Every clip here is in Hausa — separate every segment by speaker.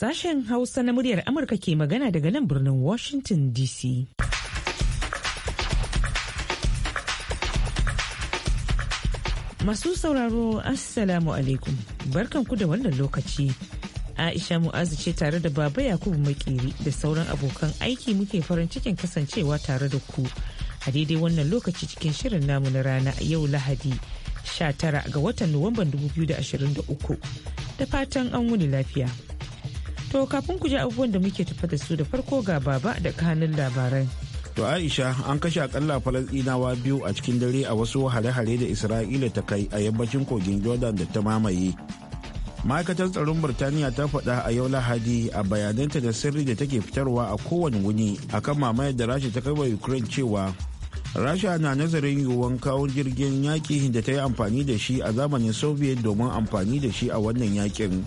Speaker 1: Sashen Hausa na muryar Amurka ke magana daga nan birnin Washington DC. Masu sauraro Assalamu alaikum barkanku da wannan lokaci. Aisha Mu'azu ce tare da Baba Yakubu Makiri da sauran abokan aiki muke farin cikin kasancewa tare da ku a daidai wannan lokaci cikin shirin namu na rana yau Lahadi 19 ga watan Nuwamban 2023 da fatan an wuni lafiya. To kafin ku ji abubuwan da muke tafa da su da farko ga baba da kanin labaran. To
Speaker 2: Aisha an kashe akalla Falasɗinawa biyu a cikin dare a wasu hare-hare da Isra'ila ta kai a yammacin kogin Jordan da ta mamaye. Ma'aikatar tsaron Birtaniya ta faɗa a yau Lahadi a bayananta da sirri da take fitarwa a kowane wuni akan mamayar da Rasha ta kai Ukraine cewa Rasha na nazarin yiwuwan kawo jirgin yaƙi da ta yi amfani da shi a zamanin Soviet domin amfani da shi a wannan yaƙin.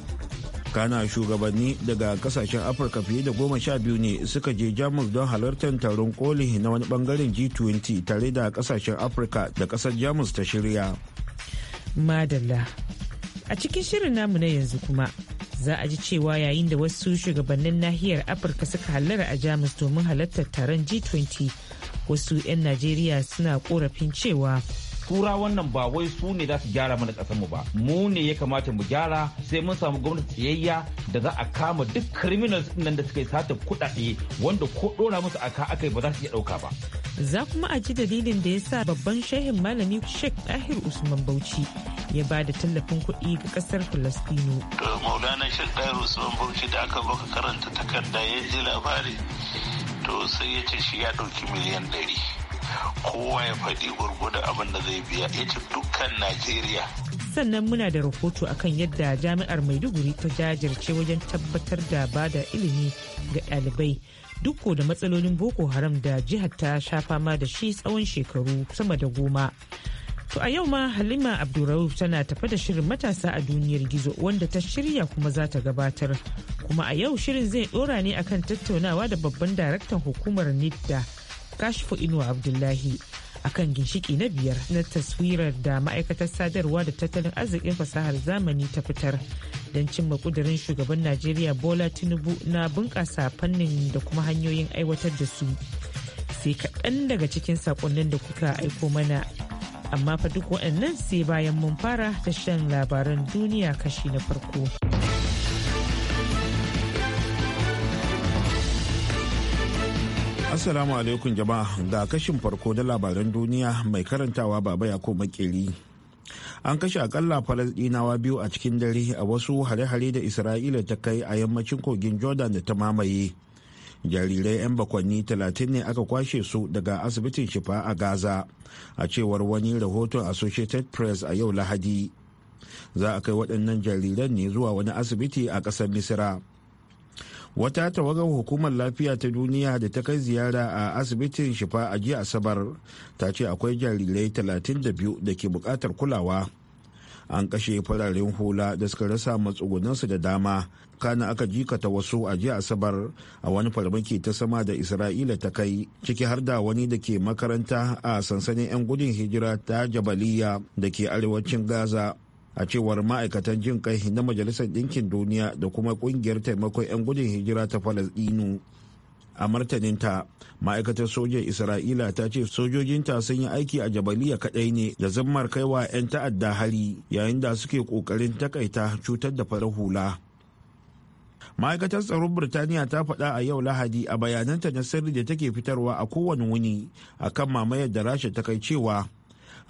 Speaker 2: kana shugabanni daga kasashen afirka fiye da goma sha biyu ne suka je jamus don halartar taron koli na wani bangaren g20 tare da kasashen afirka da kasar jamus ta shirya
Speaker 1: madalla a cikin shirin namu na yanzu kuma za a ji cewa yayin da wasu shugabannin nahiyar afirka suka halara a jamus domin halartar taron g20 wasu 'yan najeriya suna korafin cewa
Speaker 2: tura wannan ba wai su ne za su gyara mana mu ba mu ne ya kamata mu gyara sai mun samu gwamnati tsayayya da za a kama duk criminals nan da suka yi sata kuɗaɗe wanda ko ɗora musu aka aka yi ba za su iya ɗauka
Speaker 1: ba. Za kuma a ji dalilin da ya sa babban shehin malami Sheikh Dahir Usman Bauchi ya ba da tallafin kuɗi ga ƙasar Falastino.
Speaker 3: Maulana Sheikh Dahir Usman Bauchi da aka baka karanta takarda ya ji labari to sai ya ce shi ya ɗauki miliyan ɗari. kowa ya faɗi gurguda abin da zai biya ya ci dukkan najeriya
Speaker 1: sannan muna da rahoto akan yadda jami'ar maiduguri ta jajirce wajen tabbatar da ba da ilimi ga ɗalibai duk da matsalolin boko haram da jihar ta sha fama da shi tsawon shekaru sama da goma To a yau ma Halima Abdulrauf tana tafe da shirin matasa a duniyar gizo wanda ta shirya kuma za ta gabatar. Kuma a yau shirin zai dora ne akan tattaunawa da babban daraktan hukumar NIDDA kashifu inuwa abdullahi a kan ginshiki na biyar na taswirar da ma'aikatar sadarwa da tattalin arzikin fasahar zamani ta fitar don cimma kudirin shugaban najeriya bola tinubu na bunƙasa fannin da kuma hanyoyin aiwatar da su sai kaɗan daga cikin saƙonnin da kuka aiko mana amma fa duk waɗannan sai bayan mun fara shan labaran duniya kashi na farko.
Speaker 2: Assalamu alaikum jama'a ga kashin farko da labaran duniya mai karantawa baba ko makeri. An kashe akalla Falasɗinawa biyu a cikin dare a wasu hare-hare da Isra'ila ta kai a yammacin kogin Jordan da ta mamaye. Jarirai 'yan bakwanni talatin ne aka kwashe su daga asibitin shifa a Gaza, a cewar wani rahoton Associated Press a yau Lahadi. Za a kai waɗannan jariran ne zuwa wani asibiti a ƙasar Misira. wata tawagar hukumar lafiya ta duniya da ta kai ziyara a asibitin shifa a jiya asabar ta ce akwai jarirai 32 da ke bukatar kulawa an kashe fararen hula da suka rasa matsugunansu da dama kana aka jikata wasu a jiya asabar a wani farmaki ta sama da isra'ila ta kai ciki har da wani da ke makaranta a sansanin 'yan gudun hijira ta jabaliya da ke arewacin gaza a cewar ma'aikatan jin kai na majalisar ɗinkin duniya da kuma ƙungiyar taimakon 'yan gudun hijira ta falasɗinu a martaninta ma'aikatar sojan isra'ila ta ce sojojinta sun yi aiki a jabaliya kaɗai ne da zammar kaiwa 'yan ta'adda hari yayin da suke ƙoƙarin takaita cutar da farar hula ma'aikatar tsaron birtaniya ta faɗa a yau lahadi a bayananta na sirri da take fitarwa a kowane wuni akan mamayar da rasha ta kai cewa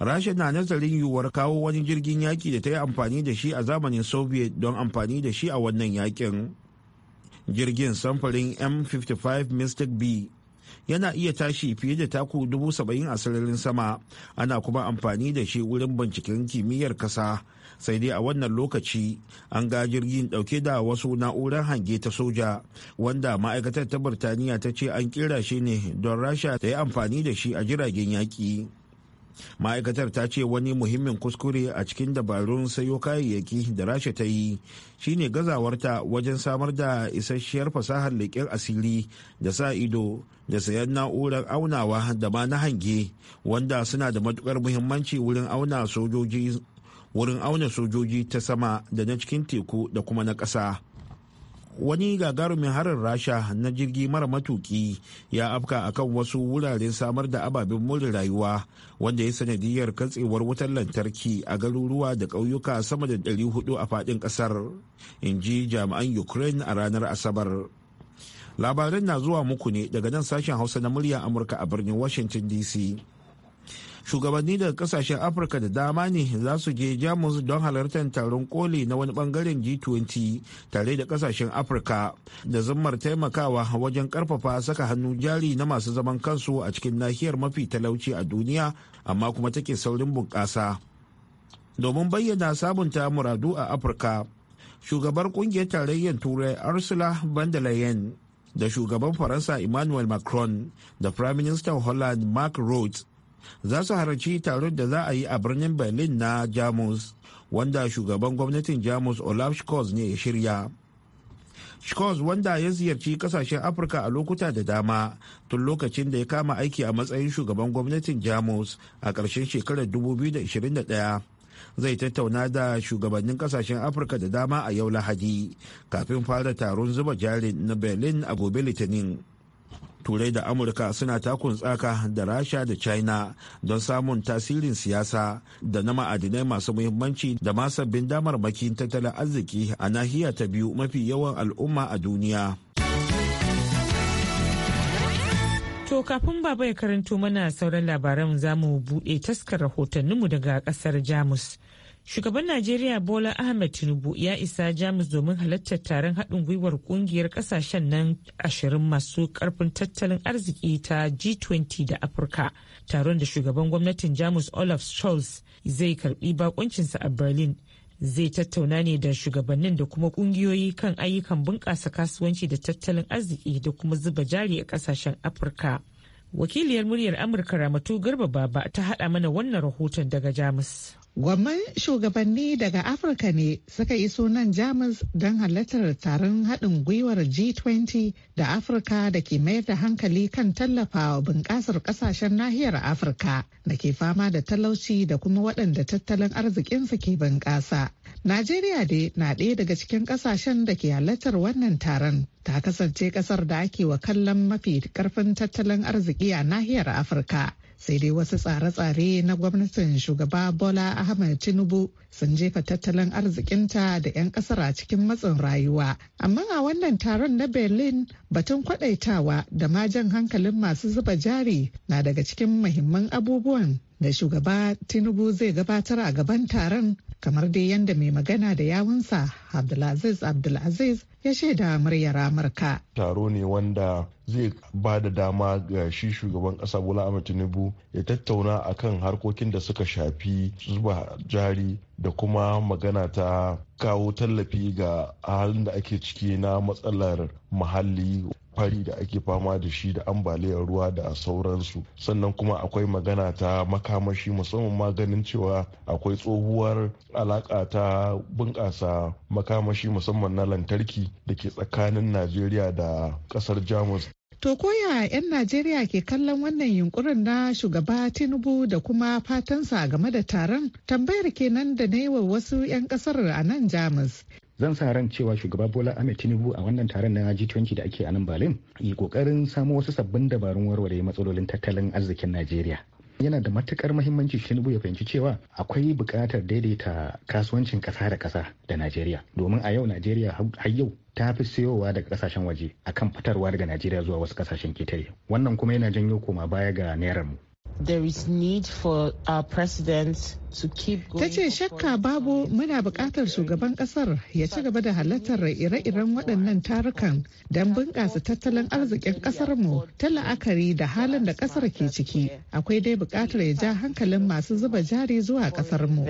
Speaker 2: rasha na nazarin yiwuwar kawo wani jirgin yaki da ta yi amfani da shi a zamanin soviet don amfani da shi a wannan yakin jirgin samfurin m55 mystic b yana iya tashi fiye da taku 70,000 a sararin sama ana kuma amfani da shi wurin binciken kimiyyar kasa sai dai a wannan lokaci an ga jirgin dauke da wasu na'urar hange ta soja wanda ma'aikatar ta birtaniya ta ce an kira shi ne don rasha ta yi amfani da shi a jiragen yaƙi. ma'aikatar ta ce wani muhimmin kuskure a cikin dabarun sayo kayayyaki da rasha ta yi shine gazawarta wajen samar da isasshiyar fasahar leƙen asiri da sa ido da sayan na'urar aunawa da ma na hange wanda suna da matukar muhimmanci wurin auna sojoji wurin auna sojoji ta sama da na cikin teku da kuma na ƙasa wani gagarumin harin rasha na jirgi mara matuki ya afka akan wasu wuraren samar da ababen more rayuwa wanda ya sanadiyar katsewar wutar lantarki a garuruwa da ƙauyuka sama da 400 a faɗin ƙasar in ji jami'an ukraine a ranar asabar labaran na zuwa muku ne daga nan sashen hausa na murya amurka a birnin washington dc shugabanni daga kasashen afirka da dama ne za su je jamus don halartar taron koli na wani bangaren g20 tare da kasashen afirka da zammar taimakawa wajen karfafa saka hannu jari na masu zaman kansu a cikin nahiyar mafi talauci a duniya amma kuma take saurin bunƙasa domin bayyana sabunta muradu a afirka shugabar kungiyar tarayyar turai ursula van der leyen da shugaban faransa emmanuel macron da firaministan holland mark rhodes za su halarci taron da za a yi a birnin berlin na jamus wanda shugaban gwamnatin jamus olaf scholz ne ya shirya scholz wanda ya ziyarci kasashen afirka a lokuta da dama tun lokacin da ya kama aiki a matsayin shugaban gwamnatin jamus a ƙarshen shekarar 2021 zai tattauna da shugabannin kasashen afirka da dama a yau lahadi kafin fara taron zuba jari na berlin a gobe litinin turai da amurka suna takun tsaka da rasha da china don samun tasirin siyasa da na ma'adinai masu muhimmanci da ma sabbin damarmakin tattalin arziki a nahiya ta biyu mafi yawan al'umma
Speaker 1: a duniya To kafin baba ya karanto mana sauran labaran za mu buɗe taskar rahotanninmu daga ƙasar Jamus. Shugaban Najeriya Bola Ahmed Tinubu ya isa Jamus domin halartar taron haɗin gwiwar ƙungiyar ƙasashen nan ashirin masu ƙarfin tattalin arziki ta G20 da Afirka. Taron da shugaban gwamnatin Jamus Olaf Scholz zai karɓi bakuncinsa a Berlin. Zai tattauna ne da shugabannin da kuma ƙungiyoyi kan ayyukan bunƙasa kasuwanci da tattalin arziki da kuma zuba jari a ƙasashen Afirka. Wakiliyar muryar Amurka Ramatu Garba Baba ta haɗa mana wannan rahoton daga Jamus.
Speaker 4: Gwamman shugabanni daga Afirka ne suka iso nan Jamus don halartar taron haɗin gwiwar G20 da Afirka da ke mayar da hankali kan tallafa wa bunƙasar ƙasashen nahiyar Afirka da ke fama da talauci da kuma waɗanda tattalin arzikinsu ke bunƙasa. Najeriya dai na ɗaya daga cikin ƙasashen da ke halartar wannan taron. Ta kasance ƙasar da ake wa kallon mafi ƙarfin tattalin arziki a nahiyar Afirka. sai dai wasu tsare-tsare na gwamnatin shugaba bola ahmed tinubu sun jefa tattalin arzikinta da 'yan kasar a cikin matsin rayuwa amma a wannan taron na berlin batun kwadaitawa da ma jan hankalin masu zuba jari na daga cikin mahimman abubuwan da shugaba tinubu zai gabatar a gaban taron kamar dai yadda mai magana da yawunsa abdulaziz abdulaziz ya shaida muryar amurka
Speaker 5: taro ne wanda zai ba da dama ga shi shugaban kasa bola ahmed tinubu ya tattauna akan harkokin da suka shafi zuba jari da kuma magana ta kawo tallafi ga halin da ake ciki na matsalar muhalli fari da ake fama da shi da ambaliyar ruwa da sauransu sannan kuma akwai magana ta makamashi musamman maganin cewa akwai tsohuwar alaka ta bunƙasa makamashi musamman na lantarki da ke tsakanin najeriya da ƙasar jamus
Speaker 4: To koya 'yan Najeriya ke kallon wannan yunkurin na shugaba Tinubu da kuma fatansa game da taron tambayar kenan da na wa wasu 'yan kasar a nan Jamus.
Speaker 6: zan sa ran cewa shugaba bola ahmed tinubu a wannan taron na g20 da ake a nan berlin yi kokarin samo wasu sabbin dabarun warware matsalolin tattalin arzikin najeriya yana da matukar mahimmanci tinubu ya fahimci cewa akwai buƙatar daidaita kasuwancin ƙasa da ƙasa da najeriya domin a yau najeriya har yau ta fi siyowa daga kasashen waje akan fitarwa daga najeriya zuwa wasu kasashen ketare wannan kuma yana janyo koma baya ga
Speaker 4: mu. Ta ce shakka babu muna bukatar shugaban kasar ya ci gaba da halartar ire-iren waɗannan tarukan don bunƙasa tattalin arzikin mu ta la'akari da halin da kasar ke ciki. Akwai dai bukatar ya ja hankalin masu zuba jari zuwa mu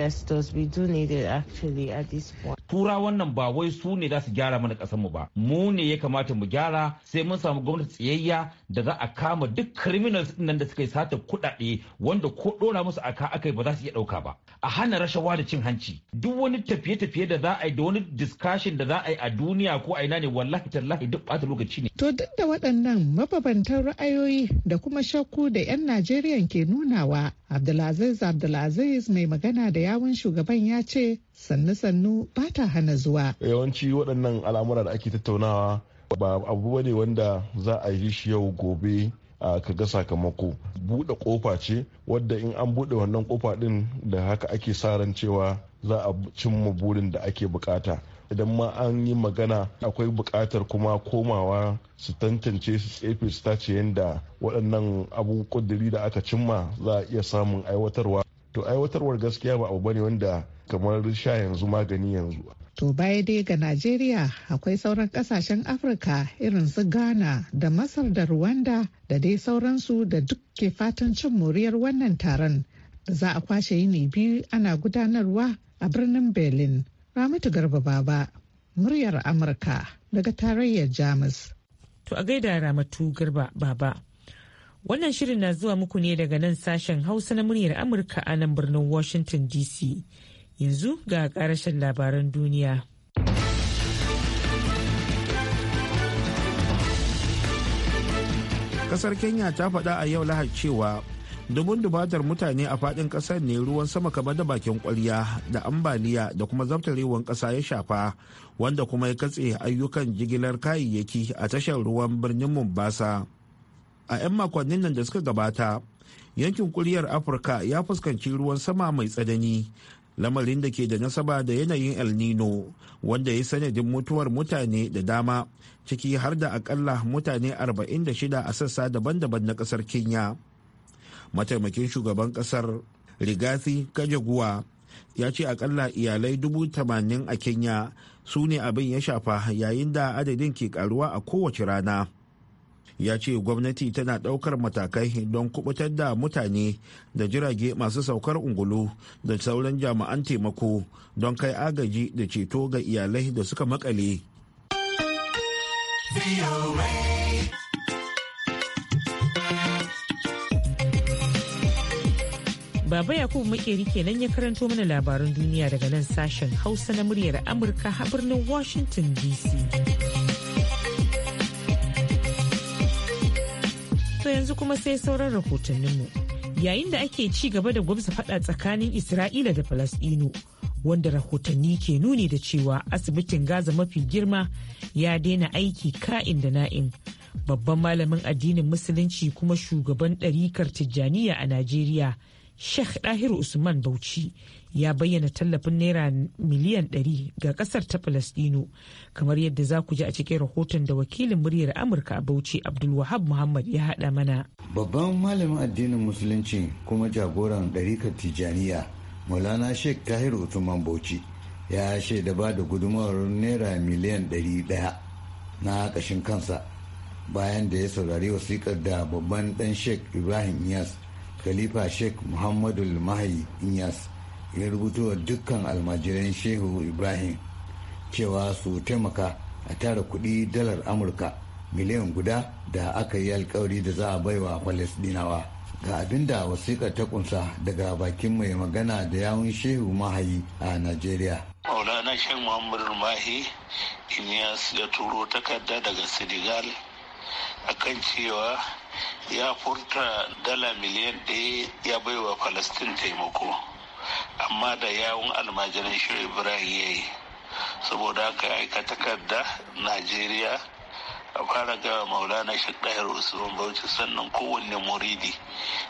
Speaker 2: Tura wannan ba wai su ne za su gyara mana ƙasarmu ba. Mu ne ya kamata mu gyara sai mun samu gwamnati tsayayya da za a kama duk criminals nan da suka sata kuɗaɗe kuɗaɗe wanda ko ɗora musu aka aka ba za su iya ɗauka ba a hana rashawa da cin hanci duk wani tafiye-tafiye da za a yi da wani discussion da za a yi a duniya ko a ina ne wallahi tallahi duk ɓata lokaci ne.
Speaker 4: to duk da waɗannan mababantan ra'ayoyi da kuma shakku da 'yan najeriya ke nunawa abdulaziz abdulaziz mai magana da yawun shugaban ya ce sannu-sannu ba ta hana zuwa.
Speaker 5: yawanci waɗannan al'amura da ake tattaunawa ba abu ne wanda za a yi shi yau gobe ka ga sakamako buɗe kofa ce wadda in an buɗe wannan kofa ɗin da haka ake sa ran cewa za a cimma burin da ake bukata idan ma an yi magana akwai bukatar kuma komawa su tantance su tsefe su tace yadda waɗannan abu ƙudiri da aka cimma za a iya samun aiwatarwa to aiwatarwar gaskiya ba abu bane wanda kamar sha yanzu magani yanzu
Speaker 4: To baya dai ga Najeriya akwai sauran kasashen Afirka irin su Ghana da Masar da Rwanda da dai sauransu da duk ke fatan cin moriyar wannan taron da za a kwashe yini biyu ana gudanarwa a birnin Berlin. Ramatu Garba Baba, muryar Amurka daga tarayyar Jamus.
Speaker 1: To a gaida Ramatu Garba Baba. Wannan shirin na zuwa muku ne daga nan sashen Hausa na muryar Amurka a nan birnin Washington DC. Yanzu ga ƙarashin labaran duniya. Kasar Kenya ta faɗa a yau lahar
Speaker 2: cewa dubun dubatar mutane a fadin kasar ne ruwan sama kamar da bakin kwarya da ambaliya da kuma zabtarewan kasa ya shafa wanda kuma ya katse ayyukan jigilar kayayyaki a tashar ruwan birnin mombasa a 'yan makonnin nan da suka gabata yankin ƙuryar afirka ya fuskanci ruwan sama mai tsanani lamarin da ke da nasaba da yanayin el nino wanda ya sanadin mutuwar mutane da dama ciki har da akalla mutane 46 a sassa daban-daban na kasar kenya mataimakin shugaban kasar rigathi kajaguwa ya ce akalla iyalai dubu tamanin a kenya su ne abin ya shafa yayin da adadin ke karuwa a kowace rana ya ce gwamnati tana daukar matakai don kubutar da mutane da jirage masu saukar ungulu da sauran jami'an taimako don kai agaji da ceto ga iyalai da suka makale.
Speaker 1: Baba Yakubu Makeri kenan ya karanto mana labaran duniya daga nan sashen Hausa na muryar Amurka a birnin Washington DC. To yanzu kuma sai sauran rahotanninmu. Yayin da ake ci gaba da gwamsa fada tsakanin Isra'ila da Falasɗinu, wanda rahotanni ke nuni da cewa asibitin Gaza mafi girma ya daina aiki ka'in da na'in. Babban malamin addinin Musulunci kuma shugaban ɗarikar Tijjaniya a Najeriya. Sheikh Dahiru Usman Bauchi ya bayyana tallafin naira miliyan 100 ga kasar ta Falasdino kamar yadda za ku ji a cikin rahoton da wakilin muryar Amurka a Bauchi Abdulwahab Muhammad ya haɗa mana.
Speaker 7: Babban malamin addinin musulunci kuma jagoran ɗarikar Tijaniya Maulana Sheikh Tahiru Usman Bauchi ya shaida ba da gudunmawar naira miliyan 100 na ƙashin kansa bayan da ya saurari wasikar da babban ɗan Sheikh Ibrahim Iyas khalifa sheikh muhammadu mahi inyas ya rubuto wa dukkan almajiran shehu ibrahim cewa su taimaka a tara kuɗi dalar amurka miliyan guda da aka yi alkawari da za a baiwa falasdinawa ga abin da wasiƙa ta kunsa daga bakin mai magana da yawun shehu mahayi a najeriya
Speaker 3: maulana Sheikh muhammadu mahi inyas ya turo takarda daga senegal akan cewa ya furta dala miliyan ɗaya ya baiwa falastin taimako amma da yawun almajiran shirin ibrahim ya yi saboda haka ya aika takarda najeriya a fara gawa maulana shaɗayar usman bauchi sannan kowanne muridi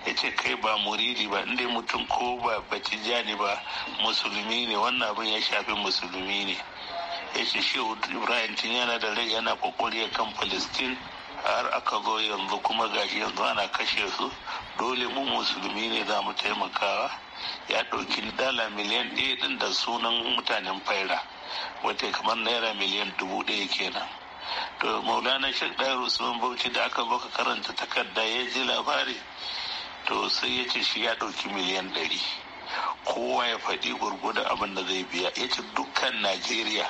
Speaker 3: ya ce kai ba muridi ba inda mutum ko ba jani ba musulmi ne wannan abin ya shafi musulmi ne ya ce shi ibrahim tun yana da rai yana kokori kan Falastin. har aka zo yanzu kuma gashi yanzu ana kashe su dole mu musulmi ne za mu taimakawa ya ɗauki dala miliyan ɗaya ɗin da sunan mutanen faira wata kamar naira miliyan dubu ɗaya kenan to maulana shek ɗaya usman bauchi da aka baka karanta takarda ya ji labari to sai ya ce shi ya ɗauki miliyan ɗari kowa ya faɗi gurguda abin da zai biya ya ce dukkan najeriya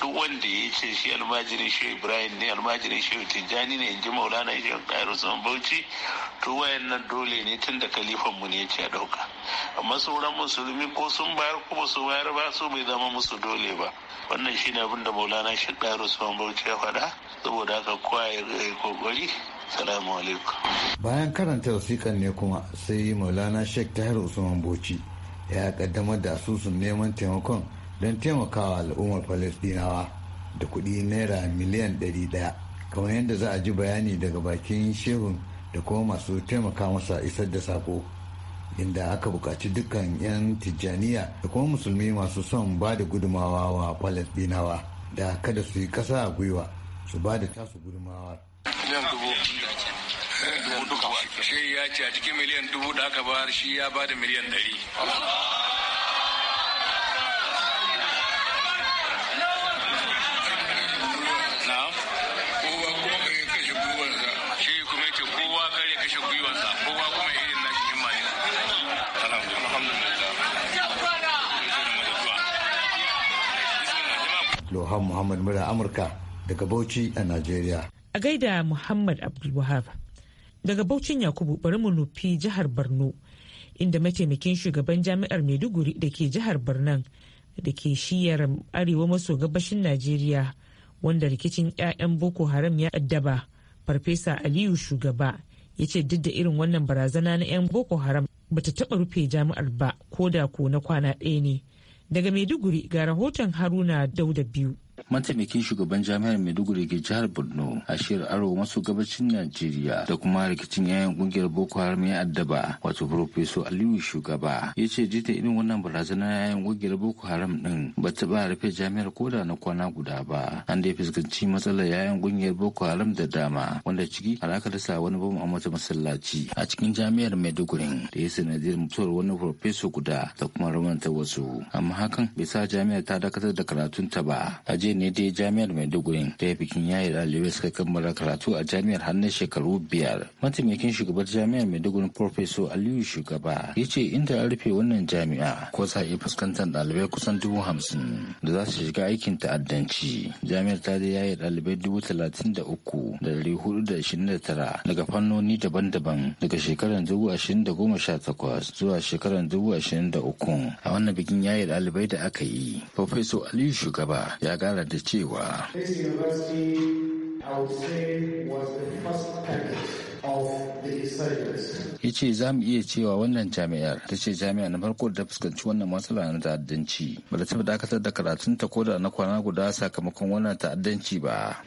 Speaker 3: duk wanda ya ce shi almajirin shi ibrahim ne almajirin shi tijjani ne inji maulana shi kairu sun bauchi to wayan nan dole ne tun da kalifan mu ne ya ce a ɗauka amma sauran musulmi ko sun bayar ko ba su bayar ba su bai zama musu dole ba wannan shine abin da maulana shi kairu sun bauchi ya faɗa saboda haka kowa ya kokari salamu alaikum
Speaker 7: bayan karanta wasiƙan ne kuma sai maulana sheikh tahir usman bauchi ya kaddamar da asusun neman taimakon don taimakawa al'ummar falasdinawa da kuɗi naira miliyan 100 kamar yadda za a ji bayani daga bakin shehun da kuma masu taimaka masa isar da sako inda aka buƙaci dukkan 'yan tijjaniya da kuma musulmi masu son ba da gudumawa wa falasdinawa da kada su yi ƙasa a gwiwa su ba da tasu gudumawa
Speaker 5: ya ce a da
Speaker 7: Muhammad Mura Amurka daga Bauchi a Najeriya.
Speaker 1: A gaida Muhammad Abdulwahab. Daga Baucin Yakubu bari mu nufi jihar Borno inda mataimakin shugaban jami'ar Maiduguri da ke jihar Borno da ke shiyar arewa maso gabashin Najeriya wanda rikicin 'ya'yan Boko Haram ya addaba Farfesa Aliyu Shugaba ya ce duk da irin wannan barazana na 'yan Boko Haram bata taɓa rufe jami'ar ba ko da ko na kwana ɗaya ne. Daga Maiduguri ga rahoton Haruna Dauda biyu.
Speaker 6: mataimakin shugaban jami'ar maiduguri ke jihar borno a shirin arewa maso gabacin najeriya da kuma rikicin yayan kungiyar boko haram ya addaba wato profeso aliyu shugaba ya ce jita irin wannan barazanar yayan kungiyar boko haram din ba ta ba rufe jami'ar koda na kwana guda ba an da fuskanci matsalar yayan kungiyar boko haram da dama wanda ciki alaka da rasa wani bom a mata masallaci a cikin jami'ar maiduguri da ya sanadiyar mutuwar wani profeso guda da kuma ramanta wasu amma hakan bai sa jami'ar ta dakatar da karatunta ba a je jiya ne dai jami'ar maiduguri ta yi bikin yayi ɗalibai suka kammala karatu a jami'ar hannun shekaru biyar mataimakin shugabar jami'ar maiduguri professor aliyu shugaba ya ce inda an rufe wannan jami'a ko za a iya fuskantar ɗalibai kusan dubu hamsin da za su shiga aikin ta'addanci jami'ar ta dai yayi ɗalibai dubu talatin da uku da dari hudu da ashirin da tara daga fannoni daban-daban daga shekarar dubu ashirin da goma sha takwas zuwa shekarar dubu ashirin da uku a wannan bikin yayi ɗalibai da aka yi professor aliyu shugaba ya gara kara da cewa ya ce za mu iya cewa wannan jami'ar ta ce jami'a na farko da fuskanci wannan matsala na ta'addanci ba da taɓa dakatar da ta ko da na kwana guda sakamakon wannan ta'addanci ba.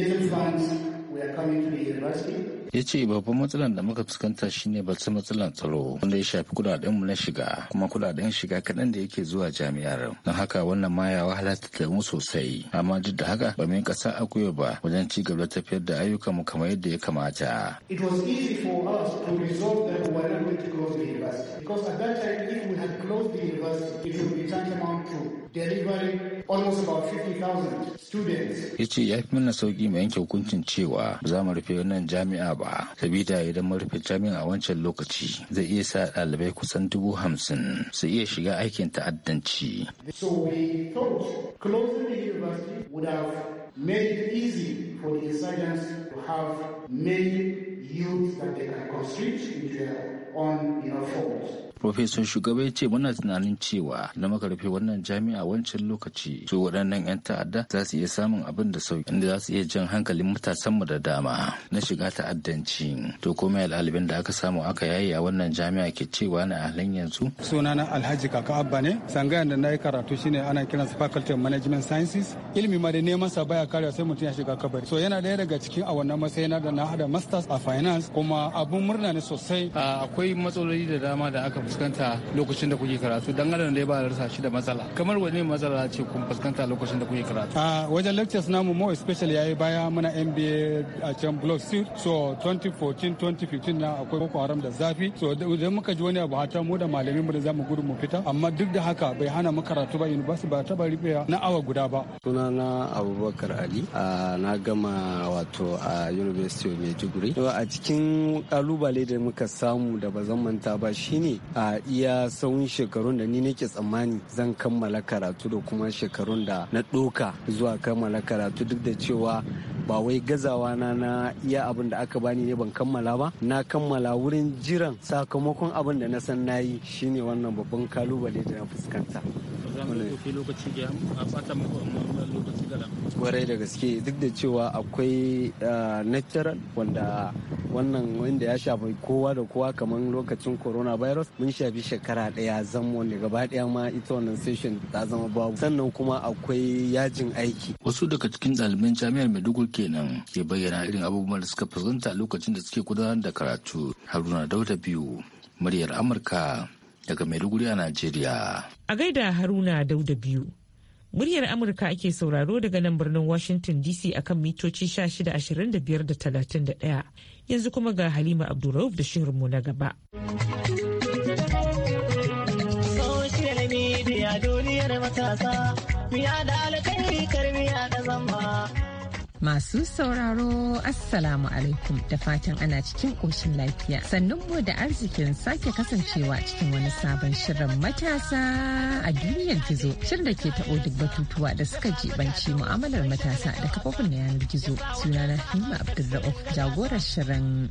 Speaker 6: The ya ce babban matsalar da muka fuskanta shine batun matsalar tsaro wanda ya shafi kudaden mu na shiga kuma kudaden shiga kaɗan da yake zuwa jami'ar don haka wannan ma ya wahala ta mu sosai amma duk da haka ba mu ƙasa a gwiwa ba wajen ci gaba tafiyar da ayyukan mu kamar yadda ya kamata.
Speaker 2: It was easy for us to resolve that when we were to close the university because at that time if we had closed the university it would be tantamount to delivering almost about 50,000
Speaker 7: students.
Speaker 6: Ya ce ya fi mana sauƙi mu yanke hukuncin cewa ba za mu rufe wannan jami'a ba sabida idan mun rufe jami'a a wancan lokaci zai iya sa ɗalibai kusan dubu hamsin su iya shiga aikin ta'addanci.
Speaker 2: So your thought
Speaker 6: Profesor Shugaba ya ce muna tunanin cewa da muka rufe wannan jami'a wancan lokaci su waɗannan 'yan ta'adda za su iya samun abin da sauki inda za su iya jan hankalin matasan mu da dama na shiga ta'addanci. To komai al'alibin da aka samu aka yayi a wannan jami'a ke cewa na halin yanzu. Sunana Alhaji Kaka Abba ne sangayan da na yi karatu shine ana kiransa Faculty of Management Sciences ilimi ma da neman sa baya karewa sai mutum ya shiga kabari. So yana ɗaya daga cikin a wannan na da na hada masters a finance kuma abun murna ne sosai. Akwai matsaloli da dama da aka fuskanta lokacin da kuke karatu dan adam dai ba da rasa shi da matsala kamar wani matsala ce kun fuskanta lokacin da kuke karatu a wajen lectures namu more especially yi baya muna MBA a can block C so 2014 2015 na akwai boko haram da zafi so idan muka ji wani abu hata mu da malamin mu da zamu gudu mu fita amma duk da haka bai hana mu karatu ba university ba ta na awa guda ba sunana
Speaker 7: Abubakar Ali na gama wato a University of Maiduguri a cikin kalubale da muka samu da ba bazan manta ba shine a iya sauyin shekarun da ni nake tsammani zan kammala karatu da kuma shekarun da na ɗoka zuwa kammala karatu duk da cewa ba wai gazawa na na iya abin da aka bani ne ban kammala ba na kammala wurin jiran sakamakon abin da na san na yi shine wannan babban kalubale da na fuskanta kwarai da gaske duk da cewa akwai eh, natural wanda wannan wanda ya shafi kowa da kowa kamar lokacin corona virus? mun shafi shekara daya zan wanda gaba daya ma ita wannan session ta zama babu sannan kuma akwai yajin aiki
Speaker 6: wasu daga cikin ɗaliban jami'ar maiduguri kenan ke bayyana irin abubuwan da suka fuskanta lokacin da suke gudanar da karatu haruna dauda biyu muryar amurka daga maiduguri a najeriya
Speaker 1: a gaida haruna dauda biyu Muryar Amurka ake sauraro daga nan birnin Washington DC akan mitoci ashirin da 31. yanzu kuma ga halima abdulrauf da shirinmu na gaba
Speaker 4: duniyar matasa miya da alkai karmiya da zamba
Speaker 8: Masu sauraro Assalamu alaikum da fatan ana cikin ƙoshin lafiya. Sannan mu da arzikin sake kasancewa cikin wani sabon shirin matasa a duniyar gizo. Shirin da ke taɓo duk batutuwa da suka jibanci mu'amalar matasa da kafofin na yanar gizo. Sunana himma Abdulra'uf jagorar shirin.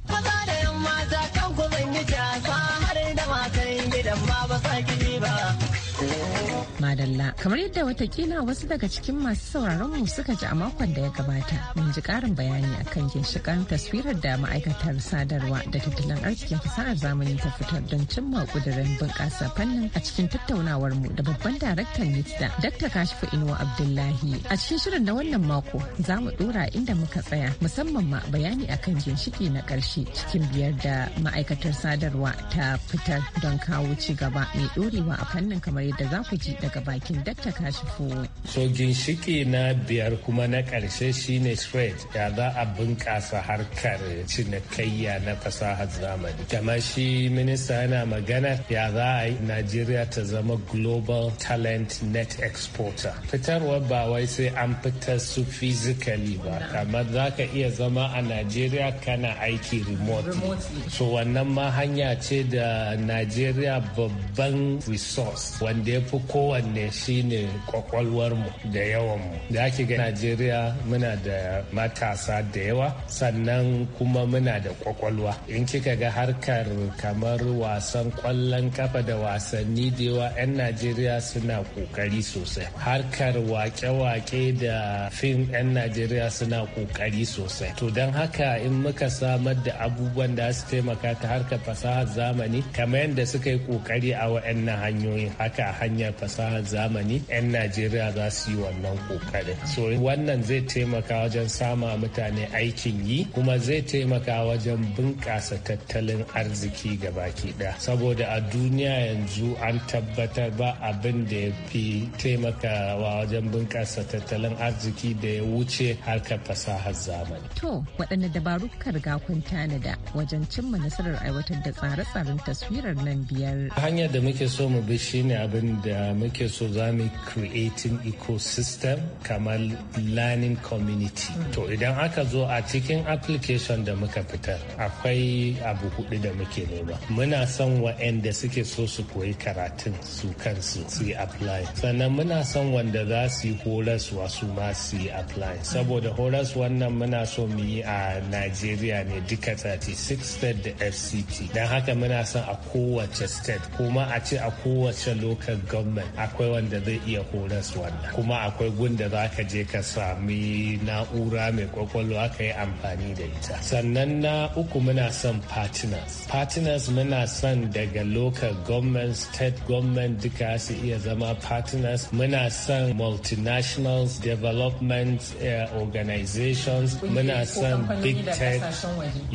Speaker 8: Madalla Kamar yadda watakila wasu daga cikin masu sauraron mu suka ji a makon da ya gabata, mun ji karin bayani akan ginshikan taswirar da ma'aikatar sadarwa da tattalin arzikin fasahar zamani ta fitar don cimma kudirin bunƙasa fannin a cikin tattaunawar mu da babban daraktan NITSA, Dr. Kashifu Inuwa Abdullahi. A cikin shirin na wannan mako za mu dora inda muka tsaya musamman ma bayani akan ginshiki na ƙarshe cikin biyar da ma'aikatar sadarwa ta fitar don kawo ci gaba mai ɗorewa a fannin kamar yadda za ku ji daga bakin Dr. kashifo.
Speaker 9: So ginshiki na biyar kuma na ƙarshe shine trade ya za a bunƙasa harkar cinikayya na fasahar zamani. Kamar shi minista yana magana ya za a yi Najeriya ta zama global talent net exporter. Fitarwar ba wai sai an fitar su physically ba, kamar za ka iya zama a Najeriya kana aiki remotely. So wannan ma hanya ce da Najeriya babban resource wanda ya fi kowanne shi shine mu da yawanmu da ake ga najeriya muna da matasa da yawa sannan kuma muna da kwakwalwa in kika ga harkar kamar wasan kwallon kafa da wasanni da yawa 'yan najeriya suna kokari sosai harkar wake-wake da fim 'yan najeriya suna kokari sosai to don haka in muka samar da abubuwan da su taimaka ta harkar fasahar zamani kamar yadda suka yi kokari a wa'annan hanyoyin haka hanyar fasahar zamani tunani 'yan najeriya za su yi wannan kokarin so wannan zai taimaka wajen sama mutane aikin yi kuma zai taimaka wajen bunƙasa tattalin arziki ga baki ɗaya saboda a duniya yanzu an tabbatar ba abin da ya fi taimakawa wajen bunƙasa tattalin arziki da ya wuce harkar fasahar zamani
Speaker 8: to waɗanne dabaru ka riga kun tanada wajen cimma nasarar aiwatar da tsare-tsaren taswirar nan biyar
Speaker 9: hanyar da muke so mu bi shine abin da muke so za economic creating ecosystem kamar learning community to idan aka zo a cikin application da muka fitar akwai abu hudu da muke nema muna son wa'anda suke so su koyi karatun su kansu su yi apply sannan muna son wanda za su yi horaswa su ma su yi apply saboda horas wannan muna so mu yi a najeriya ne duka 36 state da fct dan haka muna son a kowace state kuma a ce a kowace local government akwai wanda zai iya horas wannan kuma akwai gunda za ka je ka sami na'ura mai kwakwalwa ka yi amfani da ita sannan na uku muna son partners partners muna son daga local government state government duka su iya zama partners muna son multinationals development uh, organizations muna son big tech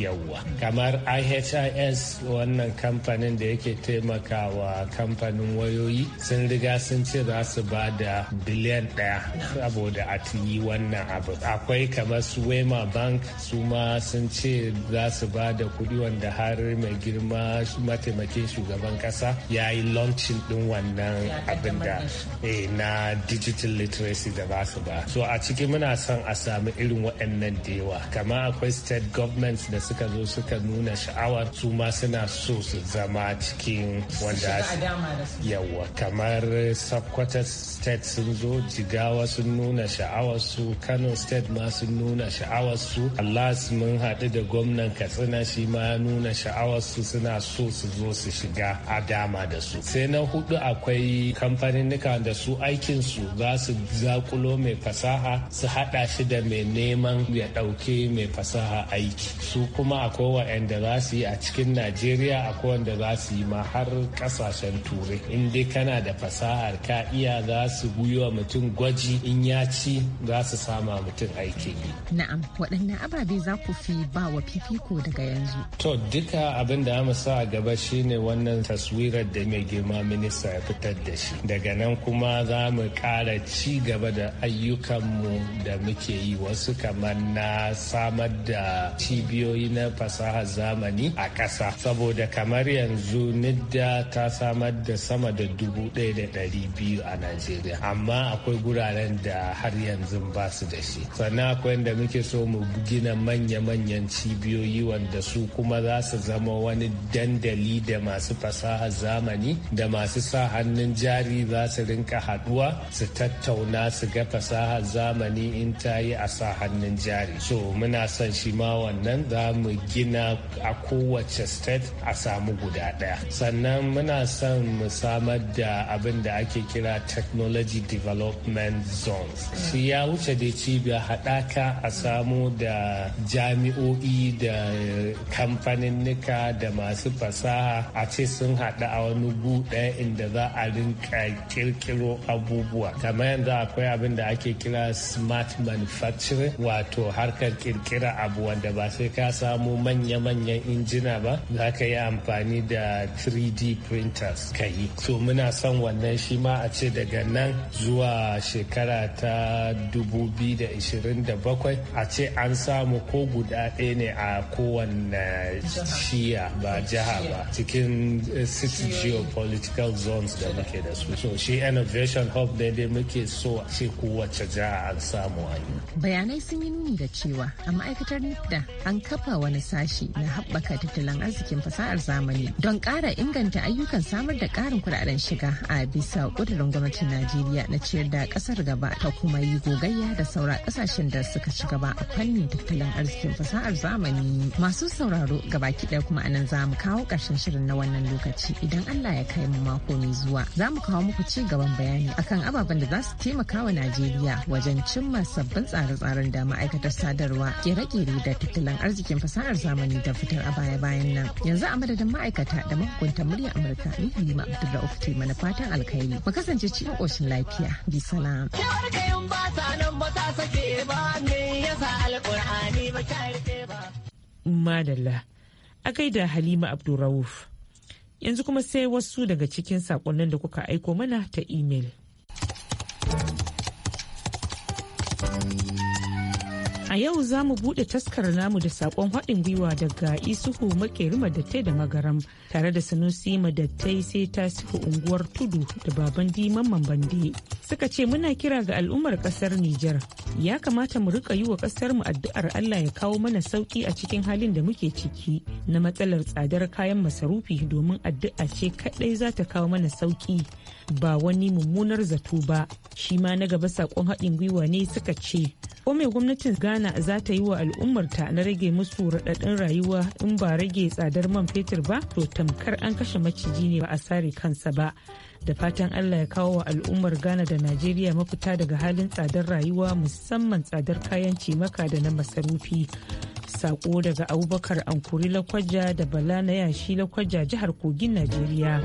Speaker 9: yawa kamar ihis wannan kamfanin da yake taimakawa kamfanin wayoyi sun riga sun ce za su ba da biliyan ɗaya saboda a yi wannan abu akwai kamar su wema bank su ma sun ce za su ba da kuɗi wanda har mai girma mataimakin shugaban ƙasa ya yi launching ɗin wannan abin da eh, na digital literacy da ba su ba so a ciki muna son a samu irin waɗannan da yawa kama akwai state governments da suka zo suka nuna sha'awar su ma suna so su zama cikin wanda yawa kamar sakwata state sun zo jigawa sun nuna sha'awarsu kano state ma sun nuna sha'awarsu alas mun haɗu da gwamnan katsina shi ma ya nuna sha'awarsu suna so su zo su shiga a dama da su sai na hudu akwai kamfanin nika da su aikinsu za su zakulo mai fasaha su haɗa shi da mai neman ya ɗauke mai fasaha aiki su kuma akwai wa'anda za su yi a cikin najeriya akwai wanda za su yi ma har kasashen turai in dai kana da fasahar ka iya za su wa mutum gwaji in ya ci za su sama mutum aiki yi.
Speaker 8: Na'am, waɗannan ababe za ku fi ba wa fifiko daga yanzu.
Speaker 9: To duka abin da mu sa a gaba shine wannan taswirar da mai girma minista ya fitar da shi. Daga nan kuma za mu ƙara ci gaba da ayyukanmu da muke yi wasu kamar na samar da cibiyoyi na fasahar zamani a ƙasa. Saboda kamar yanzu nidda ta samar da sama da dubu ɗaya da ɗari biyu a Najeriya amma akwai guraren da har yanzu ba su da shi sannan akwai inda muke so mu gina manya-manyan cibiyoyi wanda su kuma za su zama wani dandali da masu fasaha zamani da masu sa hannun jari za su rinka haduwa su tattauna su ga fasaha zamani in ta yi a sa hannun jari so muna son shi ma wannan za mu gina a kowace state a samu guda daya sannan muna son mu samar da abin da ake kira da technology development zones su ya wuce da cibiyar haɗaka a samu da jami'o'i da kamfaninnika da masu fasaha a ce sun haɗu a wani gu ɗaya inda za a rinka kirkiro abubuwa kamar yanzu akwai abin da ake kira smart manufacturing wato harkar kirkira abu wanda ba sai ka samu manya-manyan injina ba za ka yi amfani da 3d printers ka yi so muna son wannan shi ma a ce ce daga nan zuwa shekara ta 2027 a ce an samu ko guda ɗaya ne a kowane shiya ba jiha ba cikin eh, six geopolitical zones da muke da su so shi innovation hub ne dai muke so a ce kowace jiha an samu a
Speaker 8: bayanai sun yi nuni da cewa a ma'aikatar da an kafa wani sashi na haɓaka tattalin arzikin fasahar zamani don ƙara inganta ayyukan samar da ƙarin kuɗaɗen shiga a bisa ƙudurin gwamnatin najeriya na ciyar da kasar gaba ta kuma yi gogayya da saura kasashen da suka ci gaba a fannin tattalin arzikin fasahar zamani masu sauraro gaba ɗaya kuma anan za mu kawo ƙarshen shirin na wannan lokaci idan allah ya kai mu mako mai zuwa za mu kawo muku ci gaban bayani akan ababen da za su taimaka wa najeriya wajen cimma sabbin tsare-tsaren da ma'aikatar sadarwa kere-kere da tattalin arzikin fasahar zamani da fitar a baya-bayan nan yanzu a madadin ma'aikata da mahukuntar murya amurka ni halima abdulrauf ke mana fatan alkhairi mu kasance ji cikin ƙoshin lafiya. Bi salam. Madalla.
Speaker 1: A gaida Halima Abdurrauf. Yanzu kuma sai wasu daga cikin saƙonnin da kuka aiko mana ta imel. A yau za mu buɗe taskar namu da saƙon haɗin gwiwa daga Isuhu Makeri Madattai da Magaram tare da Sanusi Madattai sai ta Tasihu unguwar Tudu da Baban Diman Mambandi. suka ce muna kira ga al'ummar kasar Nijar. Ya kamata mu rika yi wa kasar mu addu'ar Allah ya kawo mana sauki a cikin halin da muke ciki na matsalar tsadar kayan masarufi domin addu'a ce kadai za ta kawo mana sauki ba wani mummunar zato ba. Shi ma na gaba sakon haɗin gwiwa ne suka ce. Ko mai gwamnatin Ghana za ta yi wa al'ummarta na rage musu raɗaɗin rayuwa in ba rage tsadar man fetur ba to tamkar an kashe maciji ne ba a sare kansa ba. da fatan allah ya kawo wa al'ummar ghana da najeriya mafita daga halin tsadar rayuwa musamman tsadar kayan cimaka da na masarufi sako daga abubakar ankuri lakwaja da bala na yashi lakwaja jihar kogin najeriya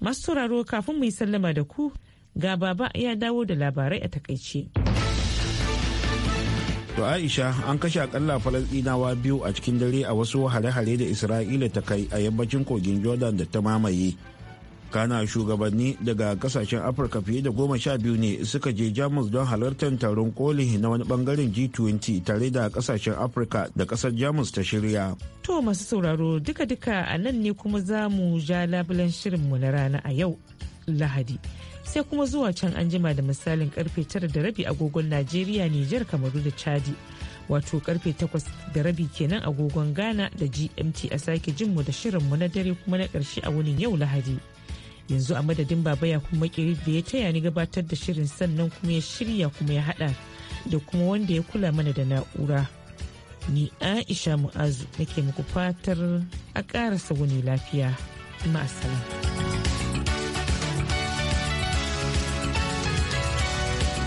Speaker 1: masu sauraro kafin mu yi sallama da ku ga baba ya dawo da labarai a takaice.
Speaker 2: To Aisha an kashe akalla Falasɗinawa biyu a cikin dare a wasu hare-hare da Isra'ila ta kai a yammacin kogin Jordan da ta mamaye. Kana shugabanni daga kasashen Afirka fiye da goma sha biyu ne suka je Jamus don halartar taron koli na wani bangaren G20 tare da kasashen Afirka da kasar Jamus ta shirya.
Speaker 1: To masu sauraro duka-duka a nan ne kuma za mu ja labulen shirinmu na rana a yau Lahadi. sai kuma zuwa can anjima da misalin karfe tara da rabi agogon Najeriya, Nijar, Kamaru da Chadi. Wato karfe takwas da rabi kenan agogon Ghana da GMT a sake jinmu da shirinmu na dare kuma na ƙarshe a wunin yau Lahadi. Yanzu a madadin baba ya kuma kiri da ya taya ni gabatar da shirin sannan kuma ya shirya kuma ya haɗa da kuma wanda ya kula mana da na'ura. Ni Aisha Mu'azu nake muku fatar a ƙarasa wuni lafiya. Ma'asalam.